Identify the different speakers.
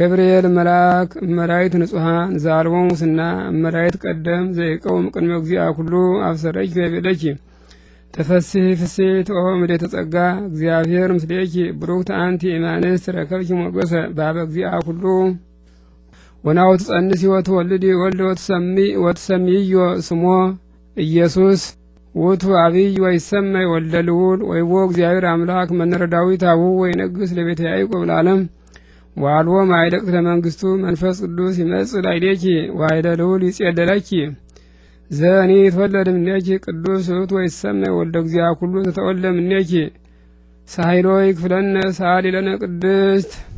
Speaker 1: ገብርኤል መልአክ መራይት ንጹሐን ዛልቦም ሙስና መራይት ቀደም ዘይቀውም ቅድመ እግዚአ ኩሉ አብሰረች ዘቤለኪ ተፈስሒ ፍሴት ኦ ምልዕተ ተጸጋ እግዚአብሔር ምስሌኪ ብሩክት አንቲ ኢማንስ ረከብኪ ሞገሰ ባበ እግዚአ ኩሉ ወናው ትጸንሲ ወትወልዲ ወልድ ወትሰሚ ወትሰሚዮ ስሞ ኢየሱስ ውቱ አብይ ወይሰመይ ወልደ ልዑል ወይቦ እግዚአብሔር አምላክ መነረዳዊት ዳዊት አቡሁ ወይነግስ ለቤተ ያዕቆብ ለዓለም ዋልዎ ማይደቅ ለመንግስቱ መንፈስ ቅዱስ ይመጽእ ላይሌኪ ዋይደ ልዑል ይጼደለኪ ዘኒ ይትወለድ እምኔኪ ቅዱስ ውእቱ ወይሰመይ ወልደ እግዚአ ኩሉ ተተወለ እምኔኪ ሳይሎይ ክፍለነ ሳሊለነ ለነ ቅድስት